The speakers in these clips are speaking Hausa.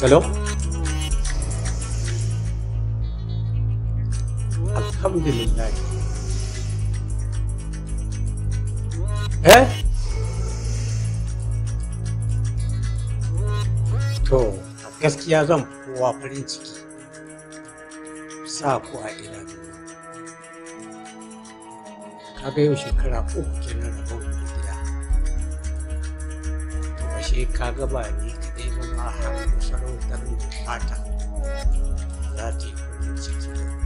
hello, Thâm thì mình gaskiya zan kowa farin ciki sa ku a Ka kaga yau shekara uku kenan rabon da gida to ashe kaga ba ni kadai ba ma har masarautar fata za ta yi farin ciki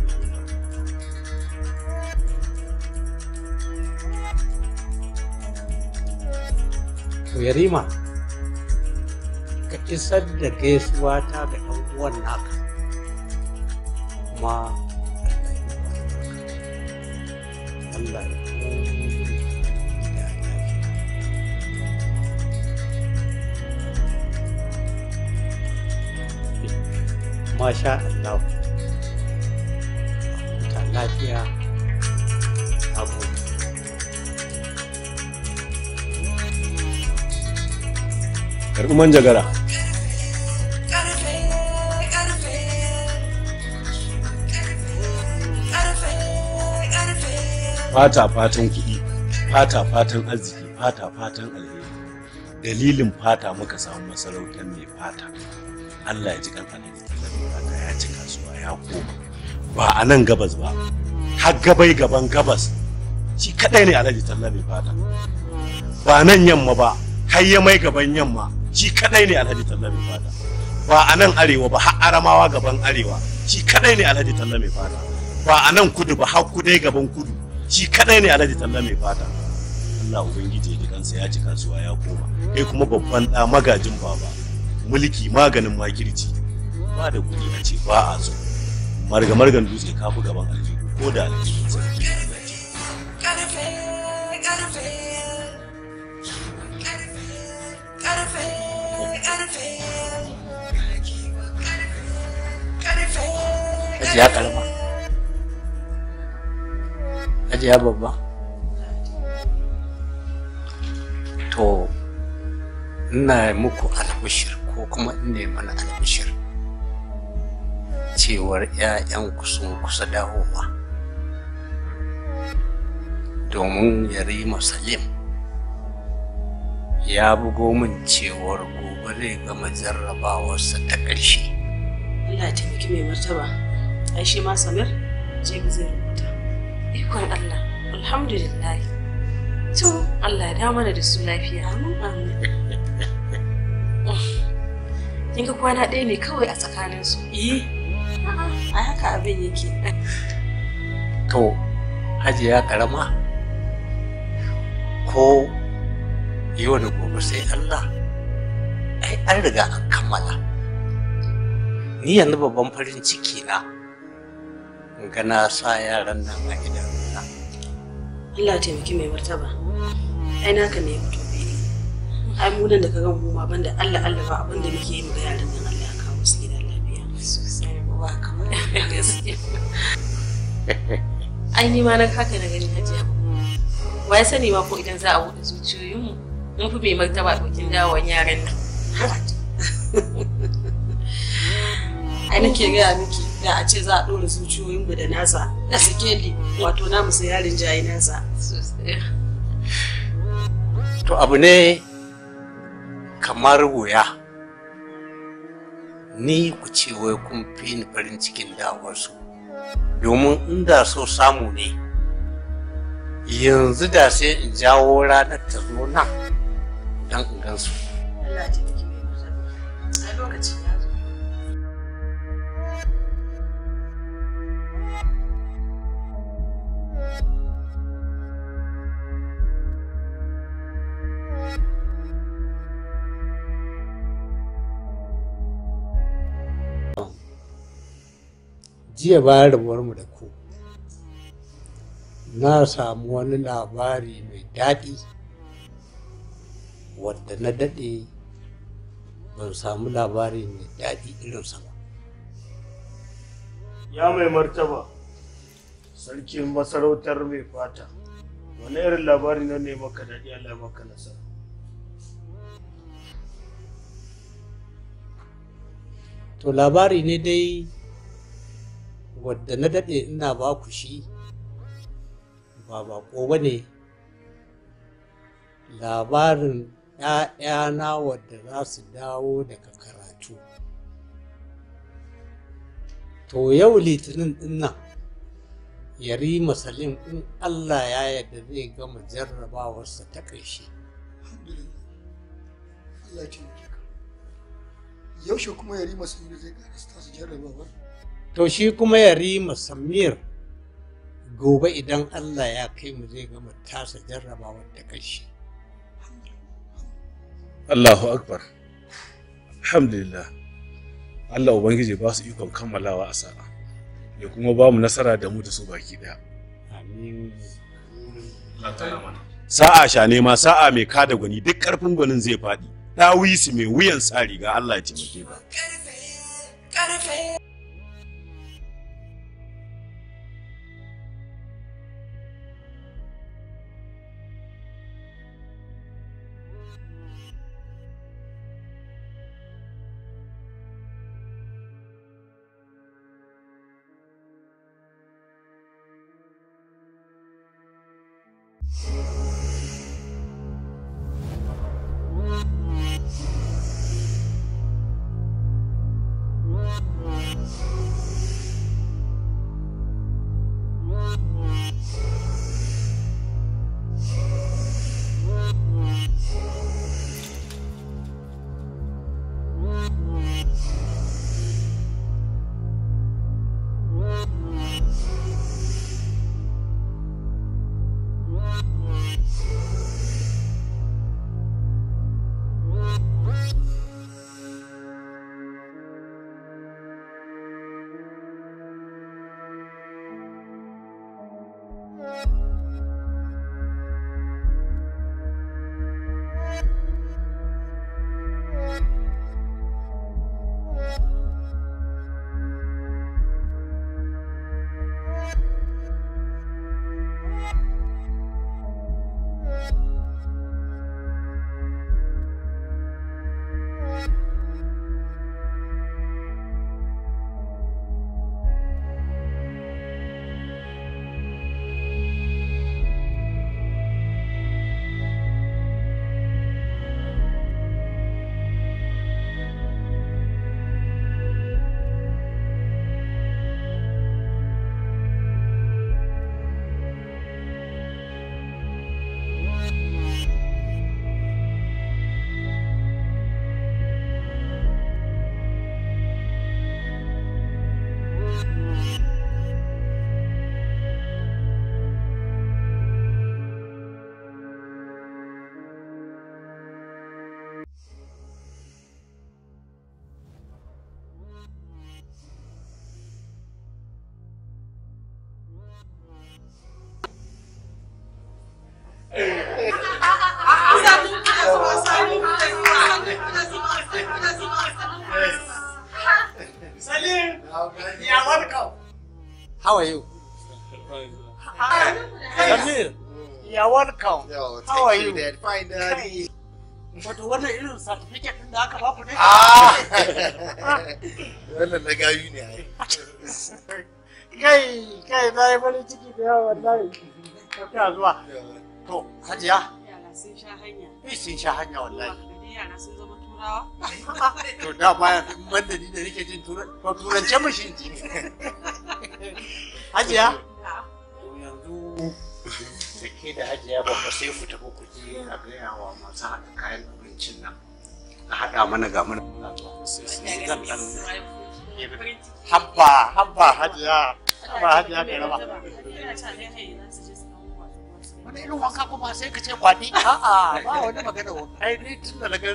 To Yarima, ka isar da gaisuwa masha Allah ta lafiya abu karɓi manjagara fata fatan kuɗi fata fatan arziki fata fatan alheri dalilin fata muka samu masarautar mai fata Allah ya ji kan alheri ya koma ba a nan gabas ba har gabai gaban gabas shi kadai ne alhaji talla mai fata ba nan yamma ba har ya mai gaban yamma shi kadai ne alhaji talla mai fata ba a nan arewa ba har aramawa gaban arewa shi kadai ne alhaji talla mai fata ba a nan kudu ba har kudai gaban kudu shi kadai ne alhaji talla mai fata Allah ubangiji ya kansa ya ci kasuwa ya koma kai kuma babban da magajin baba mulki maganin makirci ba da kuɗi a ce ba a so marga dutse ka fi gaban aljihu ko da ya Ajiya karama. Ajiya babba. To, ina muku albishir ko kuma ina mana albishir. cewar 'ya'yanku sun kusa dawowa domin yarima salim ya bugo min cewar gobe zai gama jarrabawarsa ta ƙarshe Allah ya taimaki mai martaba ai shi ma samir ga zai rubuta ikon Allah alhamdulillah to Allah ya mana da su lafiya amin amin kin ga kwana ɗaya ne kawai a tsakaninsu eh A haka abin yake. To, hajiya karama ko yau da gobe sai Allah. Ai, an riga an kammala. Ni yanzu babban farin ciki na gana sa yaran nan a gidan nan. Allah taimaki mai martaba. Ai, naka ne ya fito. Ai, mu da ka gan mu ma banda Allah Allah ba abin da muke yi ga yaran nan. ai ni ma na kaka na gani hajiya wa ya sani ma ko idan za a buɗe zuciyoyinmu mun fi mai martaba ɗokin dawon yaran nan ai nake gaya miki da a ce za a ɗora zuciyoyinmu da nasa da sikeli wato na musu yarin jayi nasa to abu ne kamar wuya ni ku ce wai kun fi ni farin cikin dawarsu domin in da so samu ne yanzu da sai in jawo ranar ta zo nan don in gansu. thank jiya bayan mu da ku na samu wani labari mai daɗi wadda na daɗe ban samu labari mai daɗi irinsa ba ya mai martaba sarkin masarautar mai fata wani irin labari na ne maka daɗi Allah maka nasara to labari ne dai wadda na daɗe ina ba ku shi ba bako ba ne labarin na wadda za su dawo daga karatu to yau litinin dinnan yarima salim in allah ya yadda zai gama jarrabawarsa ta ƙarshe yaushe kuma da zai ƙarasta su jarrabawar to shi kuma ya yarima samiyar gobe idan allah ya kai mu zai gama tasa jarrabawar da kashi allahu akbar alhamdulillah allah ubangiji ba su ikon kammalawa a sa'a ya kuma ba mu nasara da mu da su baki ɗaya. amin sa'a sha nema sa'a mai kada gwani duk karfin gwanin zai faɗi su mai wuyan tsari ga allah ya Karfe, karfe. how are you? fine, Wato wannan irin certificate din da aka ba ku ne? Ah. Wannan na gayu ne ai. Kai, kai, na yi farin ciki da yawa wallahi. zuwa. To, Hajiya. sun sha hanya. Eh, sun sha hanya wallahi. sun zama turawa. To, da baya man da ni da nake jin mashi Hajiya. Yanzu sake da hajiya ba sai ku tafi ku je a gaya wa masu haɗa kayan abincin nan a haɗa mana ga mana habba habba hajiya habba hajiya da rama wani irin wanka kuma sai ka ce kwadi. a'a ba wani magana wani ai ni tun da na gan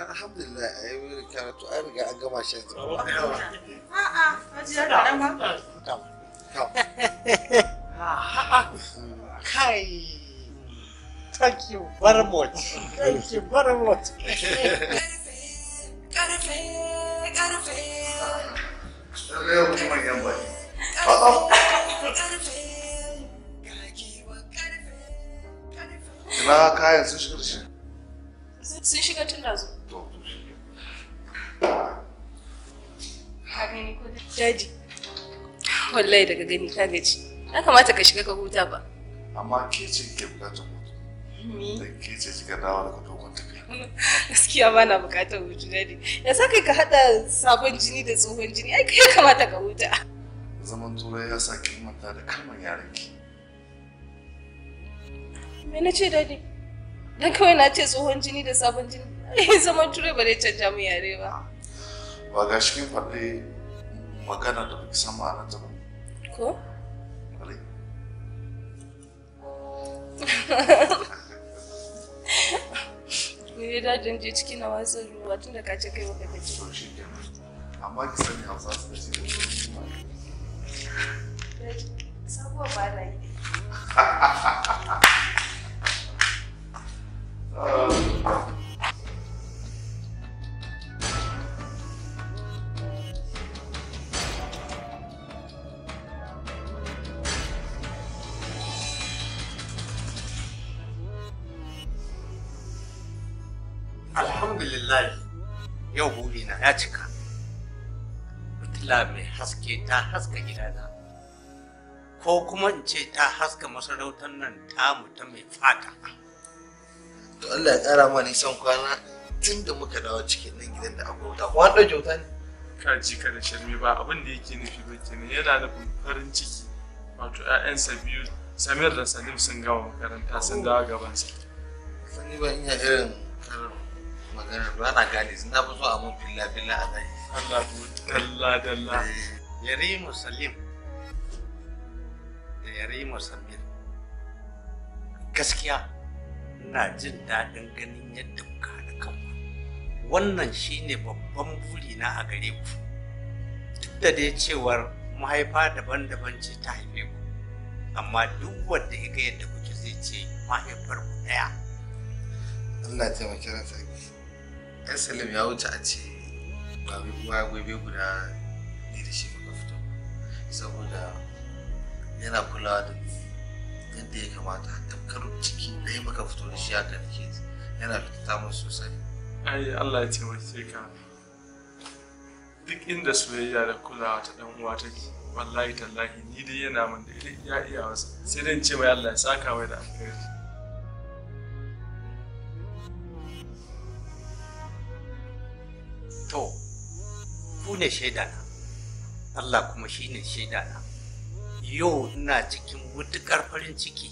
alhamdulillah a karatu an riga an gama shi yanzu a'a kam kam kai thank you very much thank you very much karfe karfe yan ina kayan sun sun shiga tun da zuwa Ka Wallahi daga gani ka gaji. Ya kamata ka shiga ka huta ba. Amma ke ce ke bukatar hutu. Me? Da ke ce kika dawo daga dogon tafiya. Gaskiya ba na bukatar hutu dadi. Ya sa kai ka haɗa sabon jini da tsohon jini. Ai ya kamata ka huta. Zaman turai ya sa kin manta da kalmar yaranki. Me na ce dadi? Dan kawai na ce tsohon jini da sabon jini. Zaman turai ba zai canja mu yare ba. ba ga shi kin faɗi magana da baki san ma'anar ta ba ko wale ni dai dadin je cikin na wasu ruwa tun da ka ce kai wata kaji to shi ke amma ki sani hausa su da shi sabuwa ba na yi Allah mai haske ta haska gidana ko kuma in ce ta haska masarautar nan tamu ta mai fata to Allah ya ƙara ma nisan kwana tun da muka dawo cikin nan gidan da abota, ko an ɗauke wuta ne ka ji ka da shirme ba abin da yake nufi ba ke ne. yana nufin farin ciki wato 'ya'yansa biyu samir da salim sun gama makaranta sun dawo gabansa sani ba ina irin magana ba na gane na fi so a mun filla filla a dai Allah dalla salim da Yari samir gaskiya ina jin daɗin ganin yadda kuka haɗa kanku wannan shine babban burina a gare ku duk da dai cewar mahaifa daban-daban ce ta haife ku amma duk wanda ya ga yadda kuke zai ce mahaifar ku ɗaya Allah ya sarki. Ɗan Salim ya wuce a ce ba ma gobe guda ne da shi muka fito saboda yana kulawa da yadda ya kamata tamkar ciki ɗaya muka fito da shi haka da yana fitata mun sosai ai Allah ya taimake ka duk inda soyayya da kulawa ta dan uwa take wallahi tallahi ni dai yana min da ya iya sai dai ce mai Allah ya saka mai da alheri ku ne shaidana Allah kuma shi ne shaidana yau ina cikin mutukar farin ciki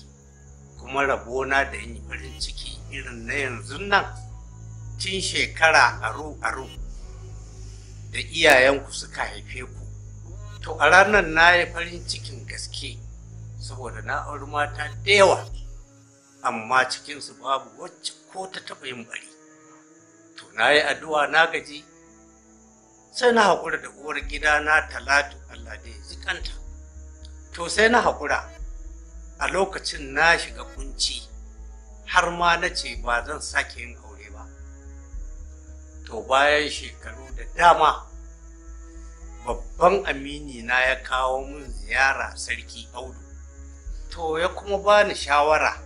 kuma na da yi farin ciki irin na yanzu nan tun shekara aro-aro da iyayenku suka haife ku to a ranar na yi farin cikin gaske saboda na auri mata da yawa amma cikinsu babu wacce ko ta taɓa yin bari to na yi addu'a na gaji sai na haƙura da uwar na talatu Allah da zikanta to sai na haƙura a lokacin na shiga kunci har ma na ce ba zan sake yin aure ba to bayan shekaru da dama babban amini na ya kawo min ziyara sarki audu to ya kuma bani shawara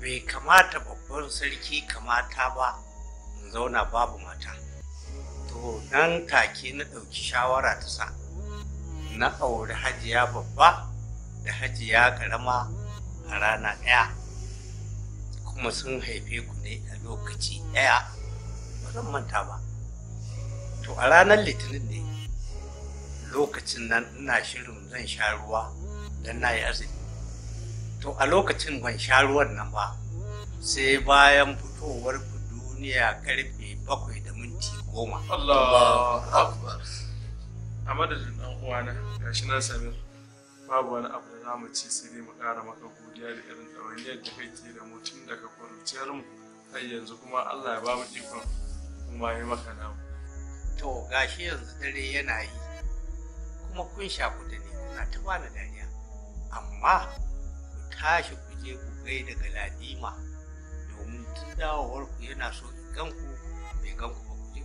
bai kamata babban sarki kamata ba in zauna babu mata to nan take na ɗauki shawara ta sa na auri hajiya babba da hajiya ƙarama a rana ɗaya kuma sun haife ku ne a lokaci ɗaya ba zan manta ba to a ranar litinin ne lokacin nan ina shirin zan sha ruwa don na yi azumi to a lokacin ban sha ruwan nan ba sai bayan fitowar duniya karfe bakwai da minti goma Allah akbar a madadin dan uwana gashi na Samir babu wani abu da mu ci sai dai mu ƙara maka godiya da irin ɗawainiyar da ke da mutum daga kwanciyar mu har yanzu kuma Allah ya ba mu ikon kuma ya maka namu to gashi yanzu dare yana yi kuma kun shaku da ni kuna ta bani dariya amma ku tashi ku je ku gai daga ladima domin tun dawowar ku yana so in gan ku bai gan ku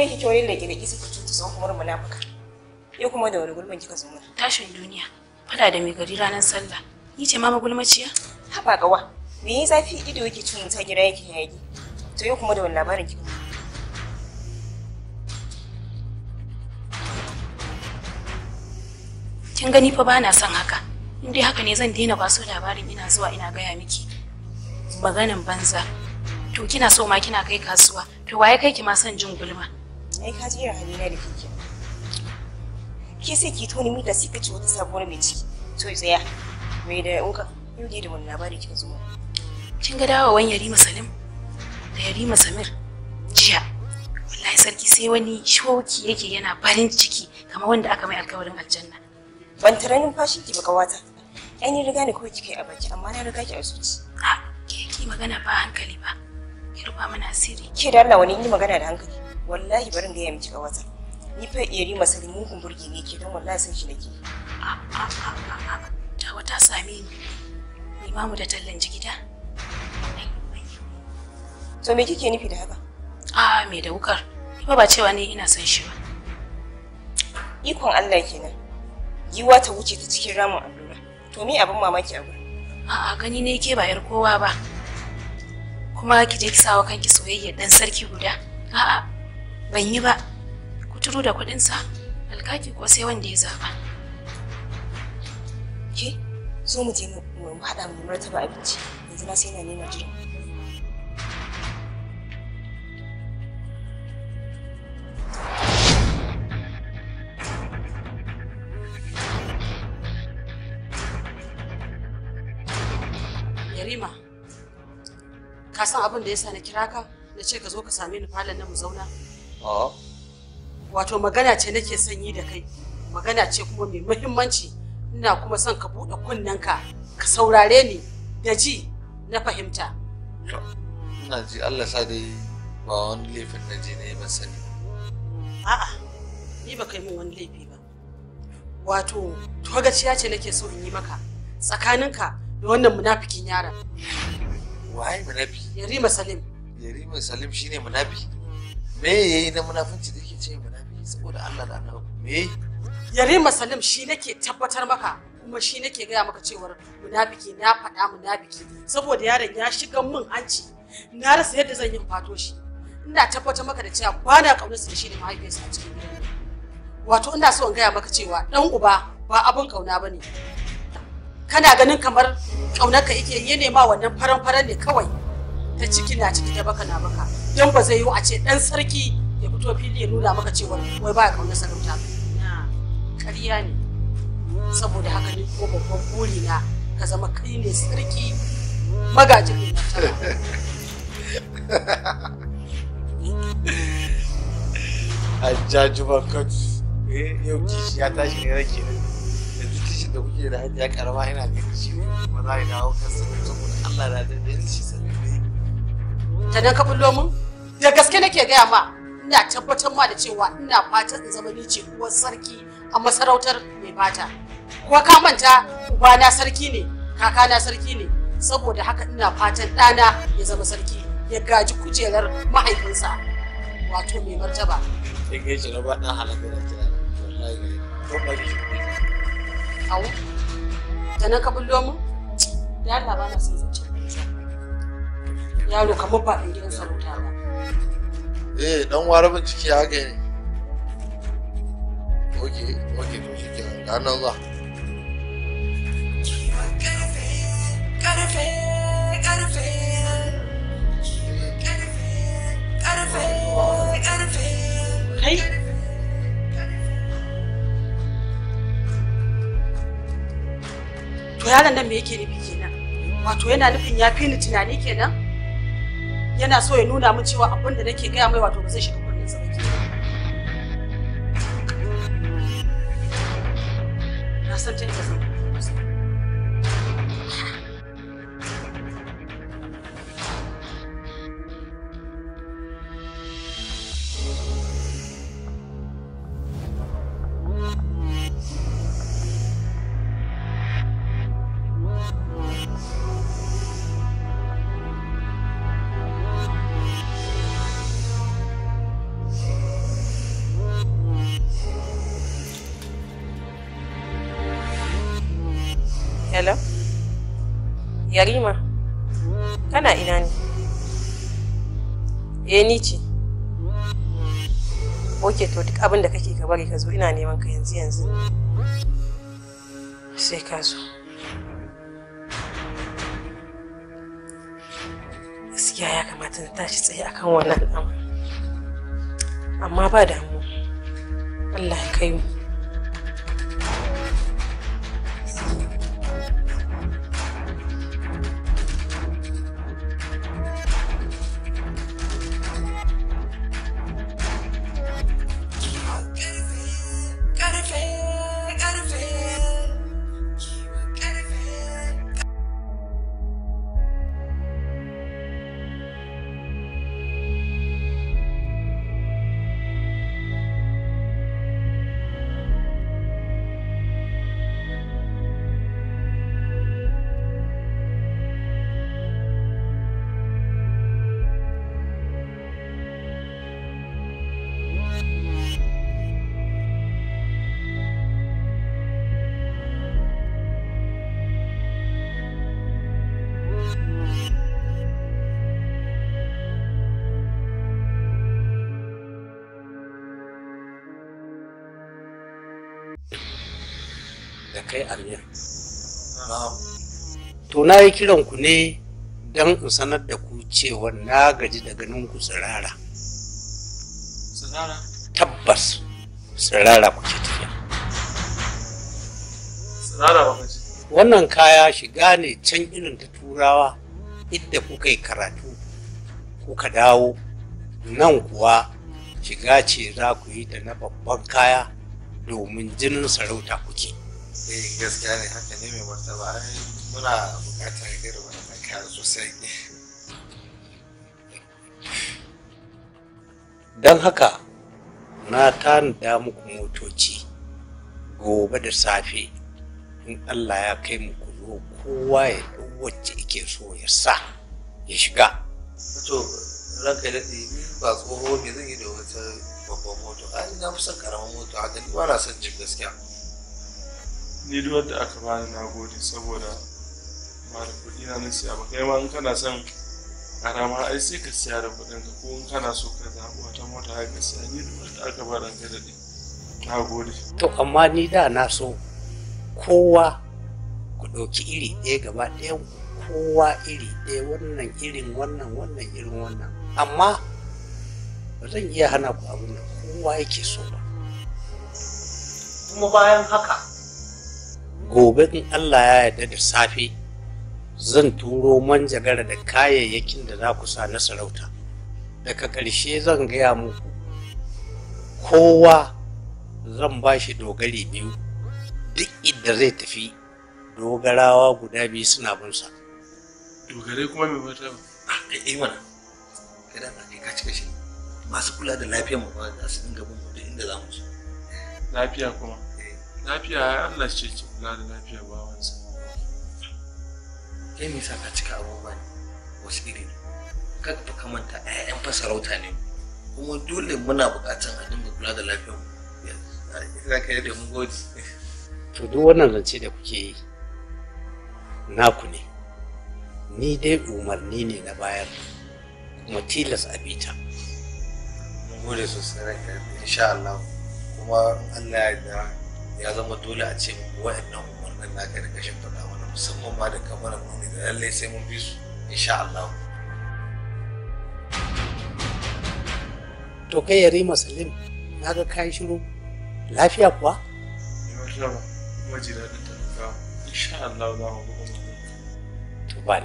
kai ki kyaurin da kisa suke cuta sun kuma munafuka yau kuma da wani gulman kika zo mana tashin duniya fada da mai gari ranar sallah ni ce ma magulmaciya haba gawa me yi zafi ido yake cin ta gida yake yayi to yau kuma da wani labarin kika kin gani fa bana son haka in dai haka ne zan daina kwaso labarin ina zuwa ina gaya miki maganan banza to kina so ma kina kai kasuwa to waye kai ki ma son jin gulma ai ka jira na da kike ke sai ki toni da sike ci wata sabuwar mai ciki to tsaya me da in ka yau da wani labari kika zo kin ga dawowan Yarima Salim da Yarima Samir jiya wallahi sarki sai wani shoki yake yana farin ciki kamar wanda aka mai alkawarin aljanna ban tare fashi ki baka wata. ai ni riga ne kawai kika yi a baki amma na riga ki a suci a ke ki magana ba hankali ba ki ruba mana asiri ke da Allah wani yi magana da hankali wallahi barin ga ya miki kawata ni fa iri masa mugun burge ne ke don wallahi san shi nake ta wata sami ni ni ba mu da tallan ji gida to me kike nufi da haka a me da wukar ni ba cewa ne ina son shi ba ikon Allah kenan giwa ta wuce ta cikin ramin allura to me abin mamaki a a'a gani ne ke ba yar kowa ba kuma ki je ki sawa kanki soyayya dan sarki guda a'a ban yi ba ku turo da kuɗinsa alkaki ko sai wanda ya zaba ke zo mu je mu haɗa mu martaba abinci yanzu na sai na nema jira Yarima, ka san abin da ya sa na kira ka na ce ka zo ka same ni falon nan mu zauna Oh. Wato magana ce nake sanyi da kai, magana ce kuma mai muhimmanci ina kuma son ka buɗe kunnenka ka saurare ni da ji na fahimta. Ina ji Allah sa dai ba wani laifin na je ne ban sani. A'a, ni ba kai min wani laifi ba. Wato, togaciya ce nake so in yi maka tsakaninka da wannan munafikin yaran. Wai munafiki? Yarima Salim. Yarima Salim shine munafiki. me ya yi na munafunci da ke ce munafiki saboda Allah da Allah me Yarima Salim shi nake tabbatar maka kuma shi nake gaya maka cewar munafiki na faɗa munafiki saboda yaron ya shiga min hanci na rasa yadda zan yi fato shi ina tabbatar maka da cewa ba na ƙaunarsa da shi da mahaifiyarsa a cikin gidan wato ina so in gaya maka cewa dan uba ba abin ƙauna ba ne kana ganin kamar ƙaunarka yake yi ne ma wannan faran-faran ne kawai ta ciki na ciki ta baka na baka idan ba zai yi a ce dan sarki ya fito fili ya nuna maka cewa wai ba ya kauna sarauta ba ƙarya ne saboda haka ni ko babban buri na ka zama kai ne sarki magajin ne Hajjaju Bakot eh, yau kishi ya tashi ne rake ne yanzu kishi da kuke da hajiya karama yana da ne za a dawo da dalilci Ta da gaske nake gaya ma ina tabbatar ma da cewa ina fata in zama ni ce uwar sarki a masarautar mai fata ko ka manta ubana sarki ne kakana sarki ne saboda haka ina fatan ɗana ya zama sarki ya gaji kujerar mahaifinsa wato mai martaba kin gaji na ba dan halaka da kira wallahi ko ba ki awu da na ka bullo mu da Allah ba na san zance yaro kamar ba in gidan sarauta ba eh dan ware ya ga ne oke oke to shi ke nan za To yaron nan me yake nufi kenan? Wato yana nufin ya fi ni tunani kenan? yana so ya nuna min cewa abin da nake gaya mai wato ba zai shiga Yarima, kana ina ne? e ni ce. Oke to duk abin da kake ka bari ka zo ina neman ka yanzu yanzu. Sai ka zo. Gaskiya ya kamata na tashi tsaye akan wannan al'amu Amma ba damu. Allah ya kai mu. kai amir to na yi kiran ku ne don in sanar da ku cewa na gaji da ganin ku tsirara tabbas tsirara ku ce tafiya wannan kaya shiga ne can irin ta turawa idda kuka yi karatu kuka dawo nan kuwa shiga ce za ku yi da na babban kaya domin jinin sarauta kuke eh gaskiya ne haka ne mai martaba muna buƙatar irin wannan kayan sosai ne. don haka na tanada muku motoci gobe da safe in allah ya kai mu ku zo kowa ya ɗau wacce ike so ya sa ya shiga to ranka ya daɗe ni ba tsoho me zan yi da wata babban moto ai na fi son karamin moto haka ni ba na son jin gaskiya ni duwar da aka bani na gode saboda ba da kudi na nasi abu kai ma in kana son karama ai sai ka siya da kudin ka ko in kana so ka zaɓi wata mota ka siya ni duwar da aka bani ka daɗe na gode. to amma ni da na so kowa ku ɗauki iri ɗaya gaba ɗaya kowa iri ɗaya wannan irin wannan wannan irin wannan amma ba zan iya hana ku abin da kowa yake so ba. kuma bayan haka gobe in Allah ya yarda da safe zan turo manjagara da kayayyakin da za ku sa na sarauta daga ƙarshe zan gaya muku kowa zan ba shi dogari biyu duk inda zai tafi dogarawa guda biyu suna bunsa dogarai kuma mai mata a yi ah, eh, eh, mana kada a kai ka cika masu kula da lafiyar mu ba za su dinga bin mu duk inda za mu su lafiya kuma lafiya ya Allah ce ki kula da lafiyar bawansa kai me sa ka cika abubuwa ne wasu iri ne ka ka manta ƴaƴan fa sarauta ne kuma dole muna buƙatar a dinga kula da lafiyar mu za ka yi da mun gode to duk wannan zance da kuke yi naku ne ni dai umarni ne na bayar kuma tilas a bita mun gode sosai ranka insha Allah kuma Allah ya yarda ya zama dole a ce wa'annan umarnin na gani kashin faɗa mana musamman ma da kamar nuni da lallai sai mun bi su insha Allah to kai yari musulun na ga kayi shiru lafiya kuwa to ba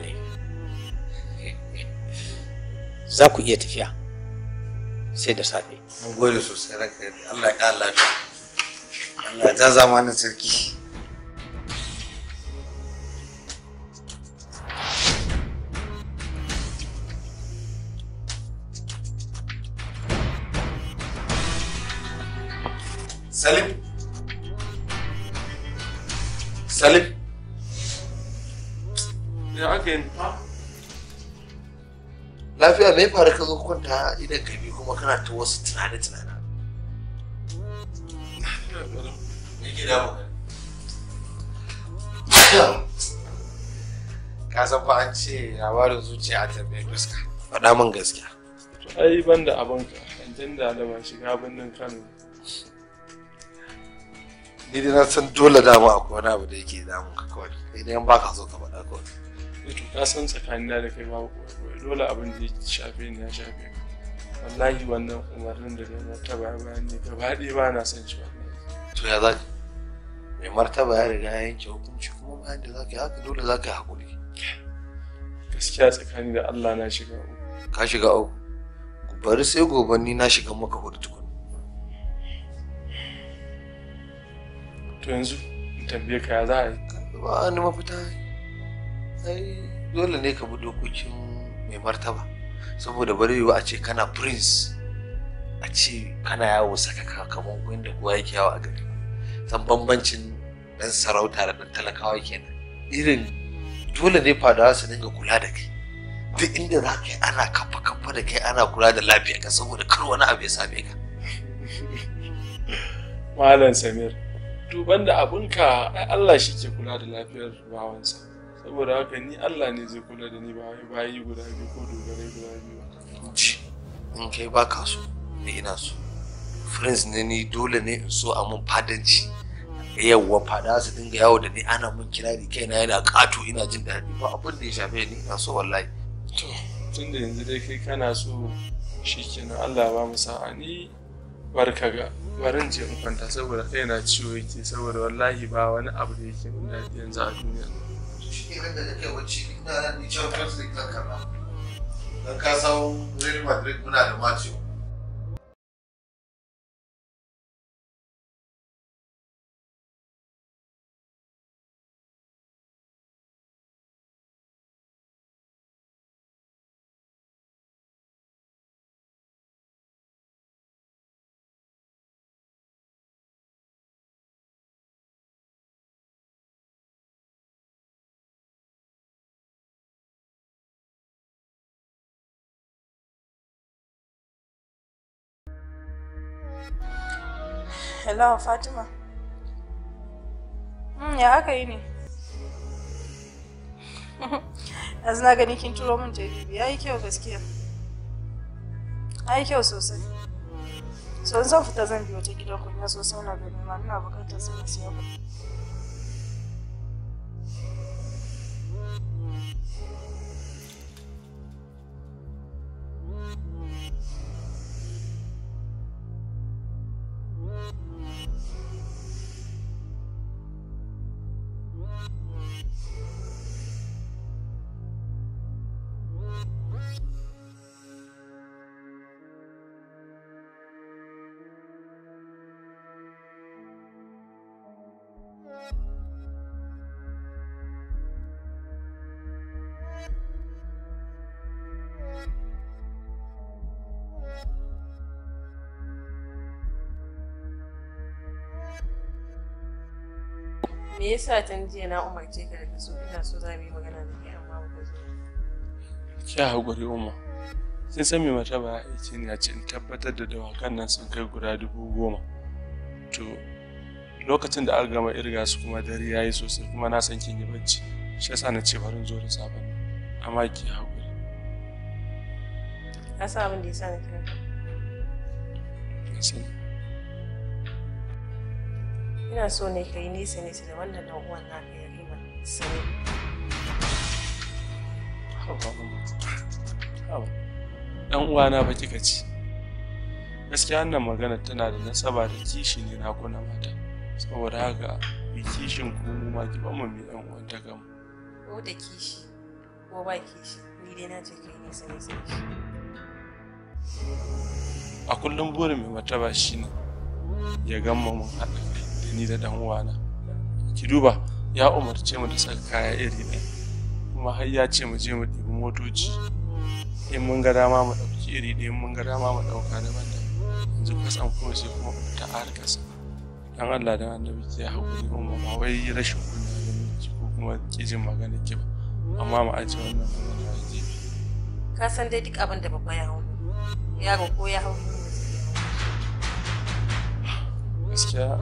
za ku iya tafiya sai da safe mun gode sosai ranka Allah ya ƙara lafiya ta zamanin sarki Salim Salim Ya aka yi Lafiya me faru ka zo kwanta idan ka bi kuma kana ta wasu tunane-tunane. ke damu ka san fa an ce labarin zuciya a tambaye fuska faɗa min gaskiya ai ban da abin ka jin da da shiga birnin kano ni dai na san dole dama akwai wani abu da yake damun ka kawai idan ba ka so ka faɗa kawai eh, to ka san tsakanina da kai babu dole abin da ya shafe ni ya shafe ka wallahi wannan umarnin da na taba baya bayan ne gaba ɗaya ba na son shi ba. to ya za mai martaba ya riga ya yanke hukunci kuma bayan da zaka yi haka dole zaka yi hakuri gaskiya tsakani da Allah na shiga uku ka shiga uku bari sai gobe ni na shiga maka hudu tukun to yanzu in tambaye ka ya za a yi ba ni mafita ai dole ne ka bi dokokin mai martaba saboda bari yiwu a ce kana prince a ce kana yawo saka kamar da kowa yake yawo a gari san bambancin ɗan sarauta da ɗan talakawa kenan irin dole ne fadawa su dinga kula da kai duk inda za ka yi ana kafa kafa da kai ana kula da lafiya ka saboda kar wani abu ya same ka malam samir duban da abinka Allah shi ke kula da lafiyar bawansa saboda haka ni Allah ne zai kula da ni ba wai bayi guda biyu ko dogarai guda biyu in kai ba ka so ni ina so friends ne ni dole ne in so a mun fadanci yawwa fada su dinga yawo da ni ana mun kirari kaina yana kato ina jin daɗi ba abin da ya shafe ni na so wallahi to tun da yanzu dai kai kana so shi kenan Allah ba mu sa'ani barka ga barin je in kwanta saboda kai na ciwo yake saboda wallahi ba wani abu da yake mun daɗi yanzu a duniya shi ne da kake wacce ina ni cewa kansu da kan kama dan ka san Real Madrid muna da match lawa fatima hmm, ya aka yi ne yanzu na gani kin turo min jaribi ya yi kyau gaskiya ya yi kyau sosai so zan fita zan biyo ta gidan kunya sosai na gani ma ina bukatar sai na siya kuɗi yasa tun jiya na umarce ka da kaso ina so za mu yi magana da ke amma ba zo. Ki haƙuri Umma. Sai san me mata ba ya ce ni a ce in tabbatar da dawakan nan sun kai guda dubu goma. To lokacin da aka gama irga su kuma dare ya yi sosai kuma na san kin yi bacci. Shi yasa na ce bari zo da safen amma ki haƙuri. Ka san abin da yasa na kira ka? Na ina so ne ka yi nesa nesa da wannan dan uwan naka ya rima sani dan uwana ba kika ci gaskiya wannan magana tana da nasaba da kishi ne na kuna mata saboda haka mai kishin ku mu ma ki bamu mai dan uwan ta gamu ko da kishi ko ba kishi ni dai na ce kai ne sani sani a kullum burin mai shi shine ya gama mun haɗa kai ni da dan uwana ki duba ya umarce mu da saka kaya iri ɗaya kuma har ya ce mu je mu dubi motoci in mun ga dama mu ɗauki iri ɗaya in mun ga dama mu ɗauka daban daban yanzu kwatsam kuma sai kuma ta harkarsa dan Allah dan annabi ki ya haƙuri umma ba wai rashin kunya ne ki ko kuma ki jin magana ki ba amma mu aje wannan magana ka san dai duk abin da babba ya hau yaro ko ya hau gaskiya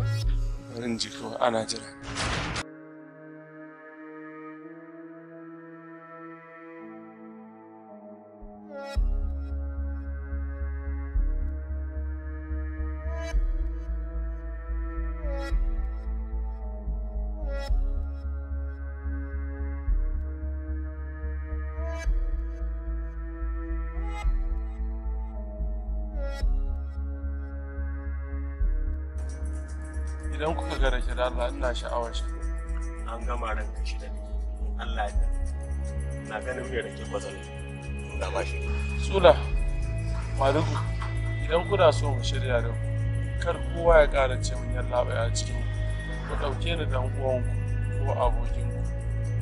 Barin jiko ana jira. sha'awar shi an gama ran ka shi da Allah ya na ganin da ke bazan na ba shi sula maruku idan kuna so mu shirya da kar kowa ya ƙara ce min yalla bai a cikin ku ɗauke ni dan uwanku ko abokinku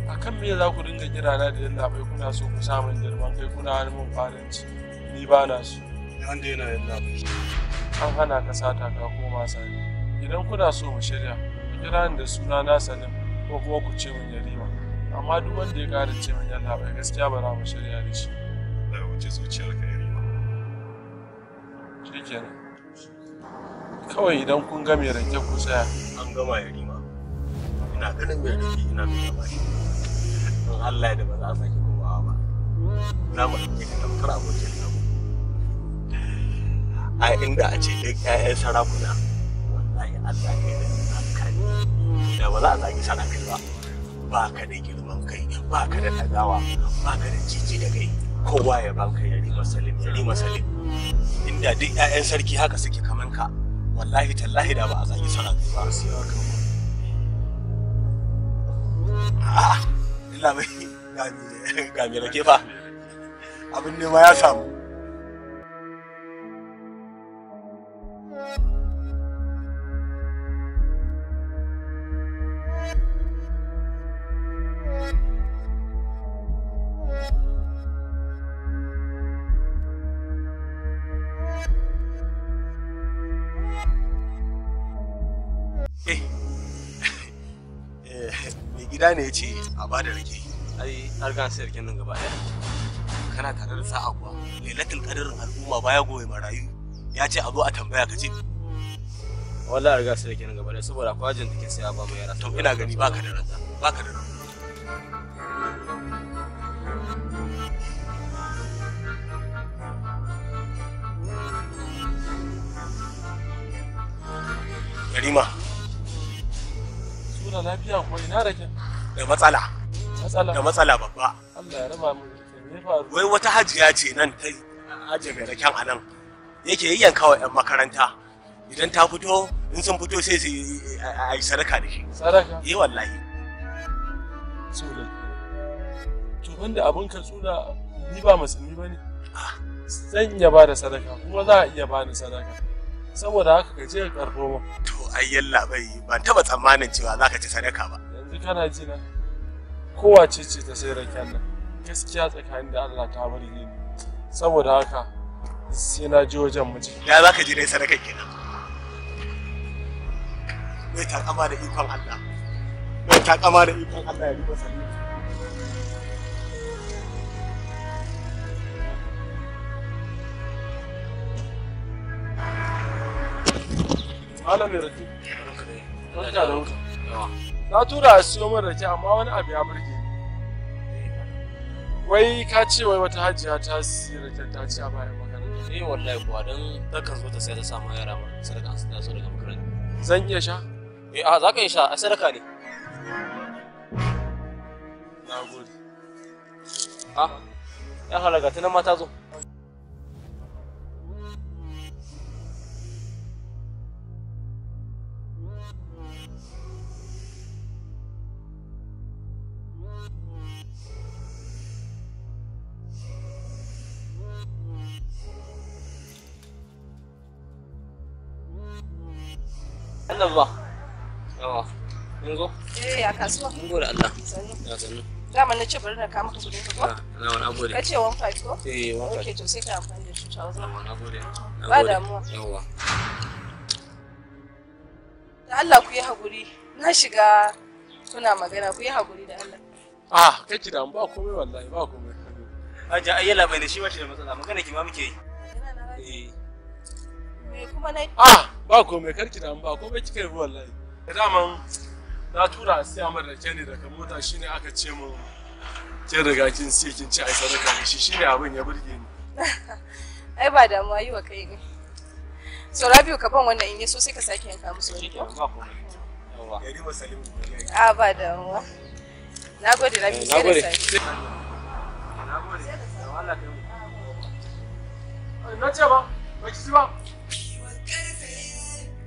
a kan me za ku dinga kira na da yalla bai kuna so ku samun girman kai kuna wani mun faranci ni ba na so an yana yalla bai an hana ka sata ka koma sani idan kuna so mu shirya kiran ni da suna na salim ko kuma ku ce min yarima amma duk wanda ya ƙara ce min yalla bai gaskiya ba za mu shirya da shi daga wuce zuciyar ka yarima shikenan kawai idan kun ga mai rake ku tsaya an gama yarima ina ganin mai rake ina gama shi don Allah da ba za a sake kowa ba za mu ɗauke da tamkar abokin namu a inda a ce duk 'ya'yan sarakuna wallahi Allah ya yi da ba za a zagi sana kai ba ba ka da girman kai ba ka da ɗagawa ba ka da jiji da kai kowa ya ba ka yari masalim yari masalim inda duk 'ya'yan sarki haka suke kaman ka wallahi tallahi da ba a zagi sana kai ba su yawa kama a'a illa mai ga da ke fa abin nema ya samu gida ne ya ci a ba da rake ai har gan sai raken nan gaba daya kana tare da sa'a kuwa lailatin qadarin al'umma baya gobe marayu ya ce a zo a tambaya ka ce wallahi riga sai raken nan gaba daya saboda kwajin da ke sai a ba mu yara to ina gani baka da ranta baka da ranta garima. Suna lafiya ko ina da da matsala da matsala babba wai wata hajiya ce nan ta ajiye mai raken a nan yake yanka wa 'yan makaranta idan ta fito in sun fito sai su yi sadaka da shi sadaka yi eh, wallahi tsula to wanda abin ka tsula ni ba musulmi ba ne ah. zan iya ba da sadaka kuma za a iya ba da sadaka saboda haka ka je ka karbo to ayyan labai ban taba tsammanin cewa za ka ci sadaka ba kana ji na kowace ce ta sai raken nan gaskiya tsakanin da Allah ta bari ne saboda haka sai na ji wajen miji ya za ka ji dai sadaka kenan mai takama da ikon Allah mai takama da ikon Allah ya riba sannan Malam Yarki, barka da wuta. na tura a siyo min rake amma wani abu ya burge ni wai ka ce wai wata hajiya ta siya rake ta ci a bayan makaranta eh wallahi kuwa don takan zo ta sai ta samu yara ma sadaka su taso daga makaranta zan iya sha eh a za ka iya sha a sadaka ne na gode ah ya halaga tunan mata zo Allah ba. Yawa. Mun zo? Eh, a kasuwa. Mun gode Allah. Sannu. Ya sannu. na ce bari na kama ka kudin ka ko? Ah, na wani agode. Kace 15 ko? Eh, 15. Okay, to sai ka amfani da 2000. Na wani Ba damuwa. Yawa. Da Allah ku yi haƙuri. Na shiga kuna magana ku yi haƙuri da Allah. Ah, kai ki damu ba komai wallahi ba komai. Aja ayyala bai da shi shi da matsala magana ki ma muke yi. kuma na a ah, ba komai karki da ba komai kika yi wallahi da daman na tura a siya mara rake daga mota shine aka ce mu kin riga kin siya kin ci ai sadaka ne shi shine abin ya burge ni ai ba damuwa yi wa kai ne so rabiu ka ban wannan in yi so sai ka sake yanka musu wani ba komai yawa a ah, ba damuwa na gode rabiu eh, sai da sake na gode kai na ce ba ba ki ba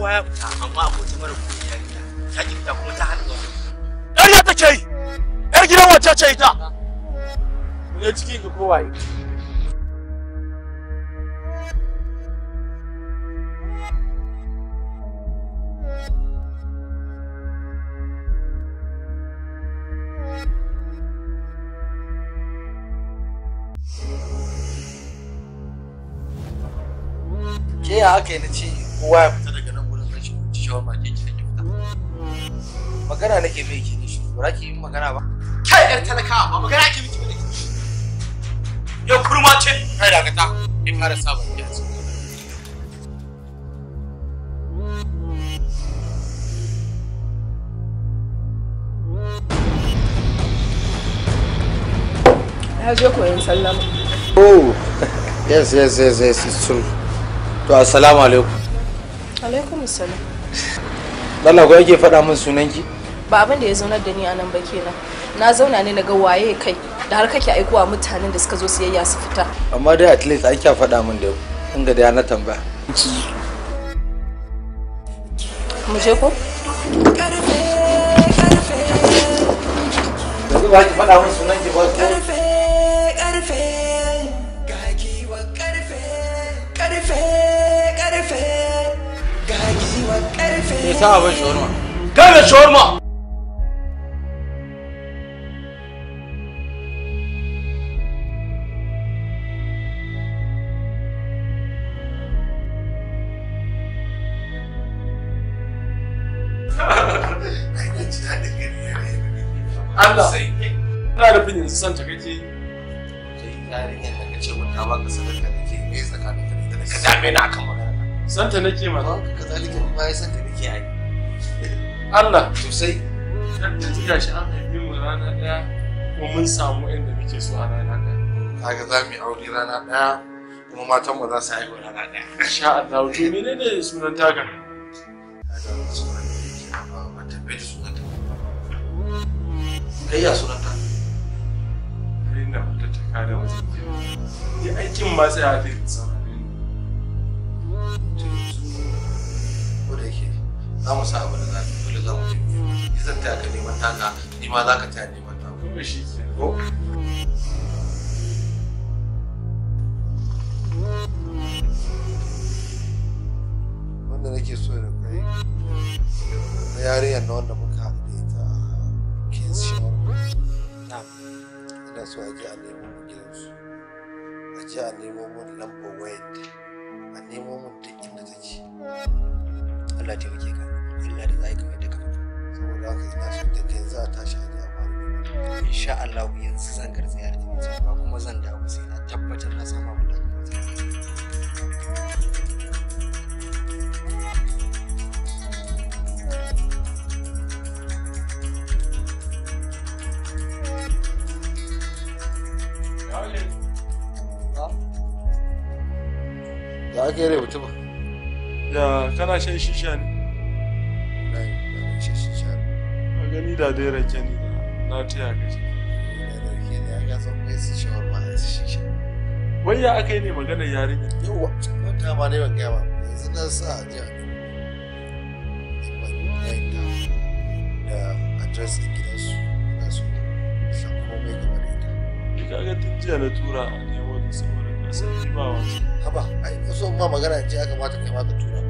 와, 잠깐만, 오징어 ta ta hannu wani take yi yar gidan wacce ce ita ne ciki ki kowa yi Ke haka na ce kowa magana nake mai ke nishi ba za ki yi magana ba kai yar talaka ba magana ke miki bane yau kurma ce kai daga ta in fara sabon yanzu Na je koyon sallama. Oh, yes, yes, yes, yes, it's true. To, assalamu alaikum. Alaikum assalam. Dan ko yake faɗa min sunanki? ba abin da ya zaunar da ni a nan ba kenan na zauna ne na ga waye kai da har kake aikowa mutanen da suka zo siyayya su fita amma dai at least kya faɗa min da in ga da na tambaya mu je ko da shawarma son ta kake sai yarinyar da kace wata baka sadaka kake me tsakanin ka da ka dame na akan magana son ta nake ma ka kazalika ni ma san ta nake ai Allah to sai dan jiya shi an haife mu rana daya ko mun samu inda muke so a rana daya kaga za mu yi aure rana daya kuma matan mu za su haihu rana daya insha Allah to menene sunan taka kaga sunan ta bai sunan ta hmm. kai ya sunan ta kada mutum ya aikin ma sai a fi saurare ko da yake za mu sa abu da za mu dole za mu je ni zan taya ka neman taka ni ma za ka taya neman taka ko shi ko wanda nake so da kai na yarinyar na wanda muka haɗu da ita kinsu ana so a a nemo mu gidansu a je a nemo mu lambar wayarta a nemo mu duk inda take Allah ta yake ka Allah da zai kamar da ka fito saboda haka ina so da kai za ta sha ji a insha Allah yanzu zan garzaya da ta kuma zan dawo sai na tabbatar na samu abin da ake rai mutum ya kana shan shisha ne na yi ba shan shisha ne a gani da dai rake ne na taya ka ce eh, da rake ne a gasan kai su shawar ma a shisha wai ya aka yi ne maganar yarinya yawa manta ma ne ban gaya ba yanzu na sa a jiya da adres din gidansu na su san komai game da ita. Ka ga tun jiya na tura a nemo da saboda kasar ba so ma magana in ce aka mata kai ma ka tura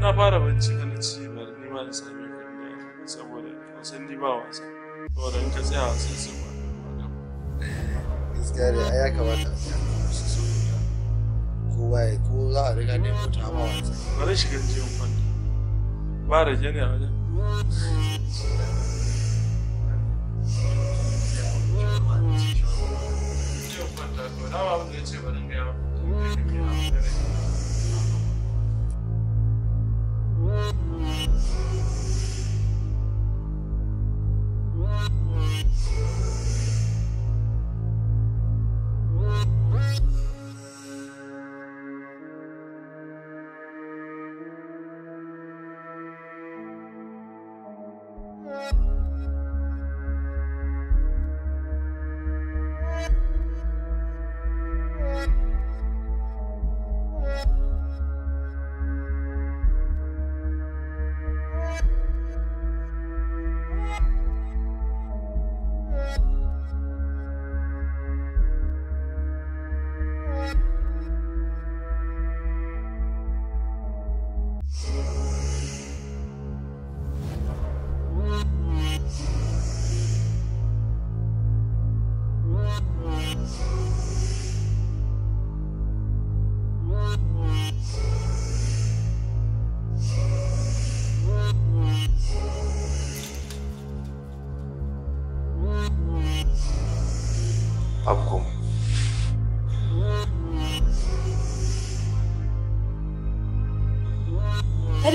na fara bincin kan ci bari ni ma da sami kan saboda ka san ni ba wasa saboda in ka tsaya wasan sun ba gaskiya ne ya kamata a tsaya wasu so kowa ya ko za a riga ne ko ta ma wasa bari shiga jiyan kwanta ba da ne a wajen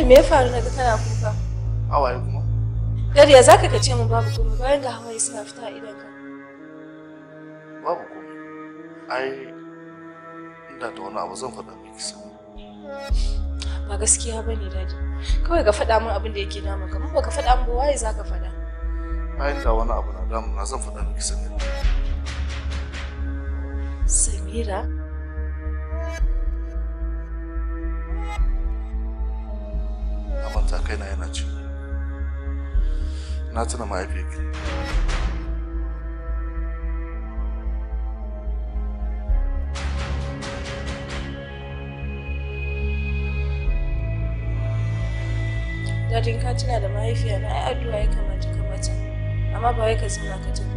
me ya faru na ga tana kuka? Hawaye kuma. Dadi za zaka ka ce min babu komai bayan ga hawaye suna fita a idan ka. Babu komai. Ai ina da wani abu zan faɗa miki sai. Ba gaskiya ba ne dadi. Kawai ka faɗa min abin da yake nama, ka. Ba ka faɗa min ba waye za ka faɗa? Bayan da wani abu na damu na zan faɗa miki sai. Samira. manta kaina yana ci na tuna mahaifiyarki Dadin ka tuna da mahaifiya na ai addu'a ya kamata kamata amma ba wai ka zauna ka tafi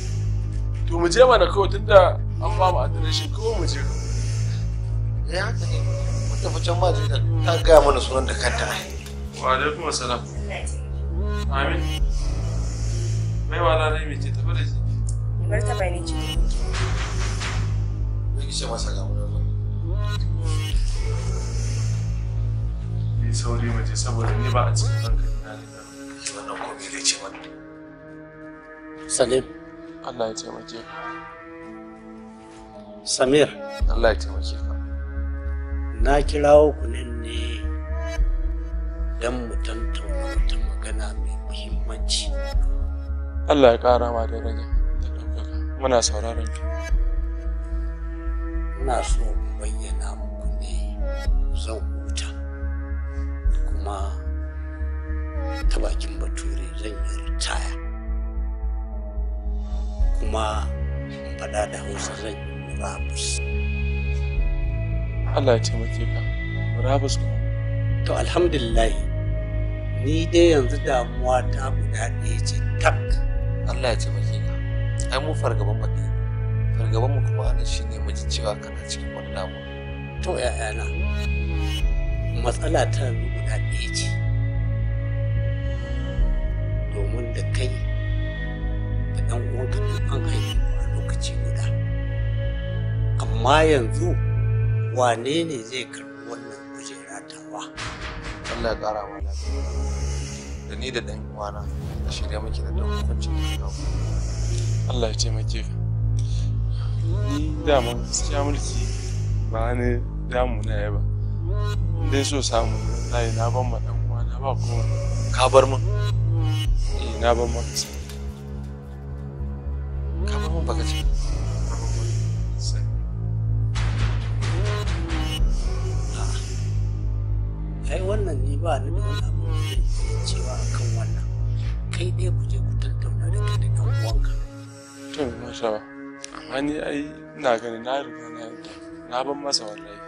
to mu je mana kawai tunda an ba mu adireshin kawai mu je ka eh, ya haka ne wata facen ma ta gaya mana sunan da kanta ne wa da alaikum assalam amin mai wa lalai mai ce tafi da shi bar ta bayani ce ne masa ce da ga wani sauri mu saboda ni ba a cikin hankali na ne da wannan komai zai ce mana Salim. Allah ya taimake ka Samir Allah ya taimake ka na kirawo ku nan ne don mu tantauna wata magana mai muhimmanci Allah ya ƙara ma daraja da ɗaukaka muna sauraron ki muna so bayyana muku ne zan huta kuma ta bakin bature zan yi ritaya kuma faɗa da hausa zan murabus Allah ya taimake ka murabus kuma to alhamdulillah ni dai yanzu damuwa ta guda ɗaya ce tak Allah ya taimake ka ai mu fargaban mu ɗaya fargaban mu kuma anan shine mu ji cewa kana cikin wani damuwa to ƴaƴana matsala ta guda ɗaya ce domin da kai 'yan uwanka ne an haife a lokaci guda amma yanzu wane ne zai karɓi wannan kujera tawa Allah ya ƙara wa lafiya da ni da ɗan uwana da shirya muke da ɗan hukuncin da Allah ya taimake ka ni dama gaskiya mulki ba ni damu na yaba dai so samu na yi na ban ma ɗan uwa na ba kuma ka bar min eh na ban ma Vamos pra ai wannan ni ba ni da wani abu da cewa kan wannan kai dai ku je ku tattauna da kai da kan uwanka to masha ba amma ni ai ina gani na riga na yarda na ban masa wallahi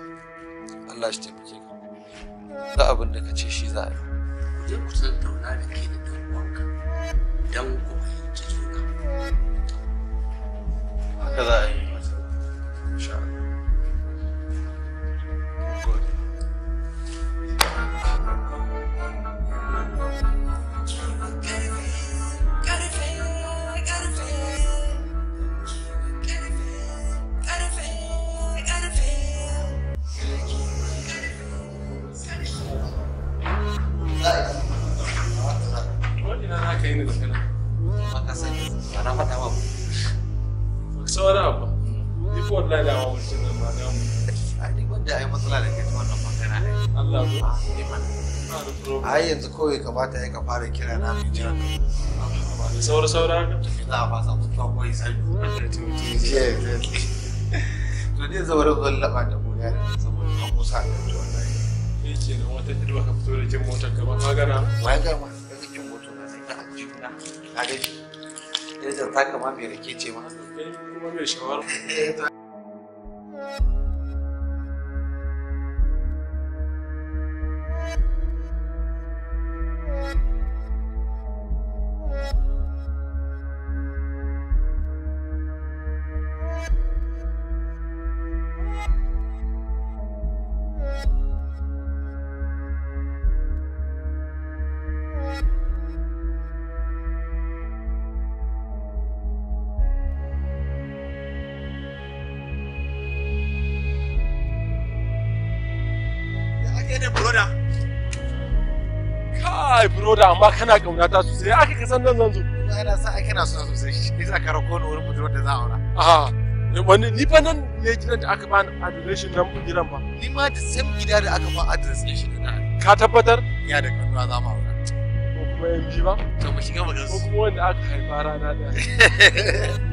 Allah shi taimake ka Za abin da ka ce shi za a yi ku je ku tattauna da kai da kan uwanka dan ku fahimci juna هكذا أي مثل شعر a yanzu kawai kamata ya ka fara kira na mai jira da saura ne zaura da saboda ka fito da jin motar gaba magana wai gama ma ka motar na sai ka hajji na ka ta kama mai rike ce ma eh, kuma mai shawara eh, ba kana ta sosai ake kasan nan zan zo ina sa ai kana so sosai shi za ka rako ni wurin budurwar da za aura a wani ni fa nan ne gidan da aka bani adireshin nan gidan ba ni ma da sam gida da aka ba adireshin din shi da ka tabbatar ya da kanuwa za mu aura ko kuma yanzu ba to ba shiga magana ko kuma wanda aka haifa rana da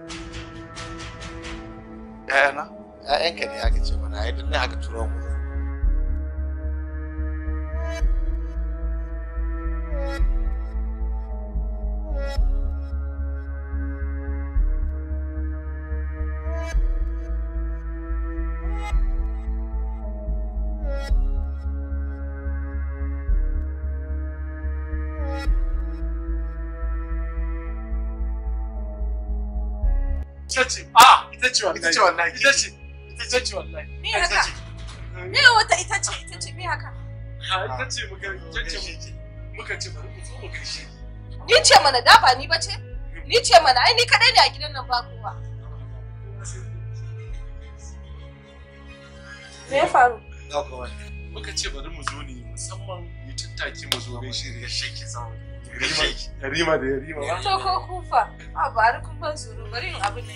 'ya'yana 'ya'yanka ne aka ce mana ai duk ne aka turo mu ce ita ce wallahi ita ce ita ce wallahi haka wata ita ce ita ce me haka ha ita ce muka ce muka ce bari mu zo mu ni ce mana da ba ni bace ni ce mana ai ni ne a gidan nan ba kowa me ya faru da kowa muka ce bari mu zo ne musamman mu mu zo gaishe da ya shake Rima da ya rima ba. ko kufa. A bari kun zuru bari in abin nan.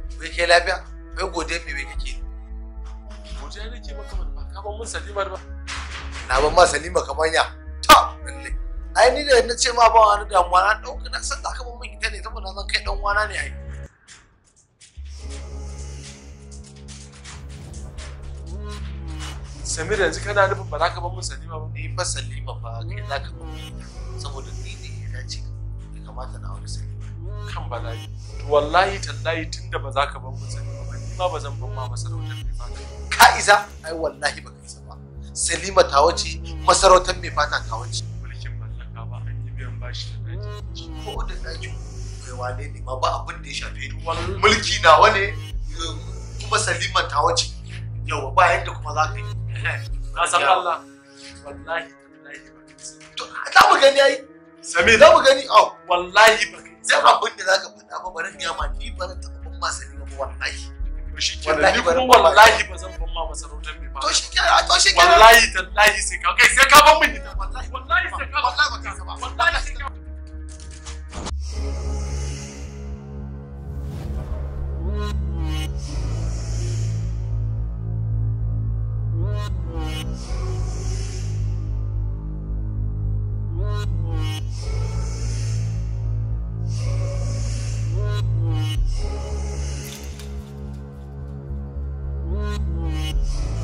wai ke lafiya wai gode me wai kake ne ke maka ba ka ban mun salima ba na ban ma salima kamar ya ta lalle ai ni da na ce ma ba wani damuwa na dauka na san zaka ban mun ita ne saboda zan kai dan wana ne ai Samir yanzu kana nufin ba za ka ban mun salima ba ni fa salima fa kai za ka ban mun saboda ni ne ya dace kamata na wani salima. kan bala'i wallahi tallahi da ba za ka ban masani ba ni ma ba zan ban ma masarautar mai fata ka iza ai wallahi ba ka isa ba salima ta wace masarautar mai fata ta wace mulkin mallaka ba an yi biyan bashi da daji ko da daji kai wane ne ma ba abin da ya shafe ni mulki nawa ne kuma salima ta wace yawa ba yadda kuma za ka yi na san Allah wallahi tallahi ba ka isa to za mu gani ai sami za mu gani au wallahi ba sai abin da zaka faɗa ba bari ga ma ni ba ta taɓa ma masani ba wallahi wallahi ba wallahi ba zan ban ma masarautar mai ba to shi kenan to shi kenan wallahi tallahi sai ka kai sai ka ban mun ita wallahi wallahi sai ka wallahi ba ka ba wallahi sai ka Thank you. Thank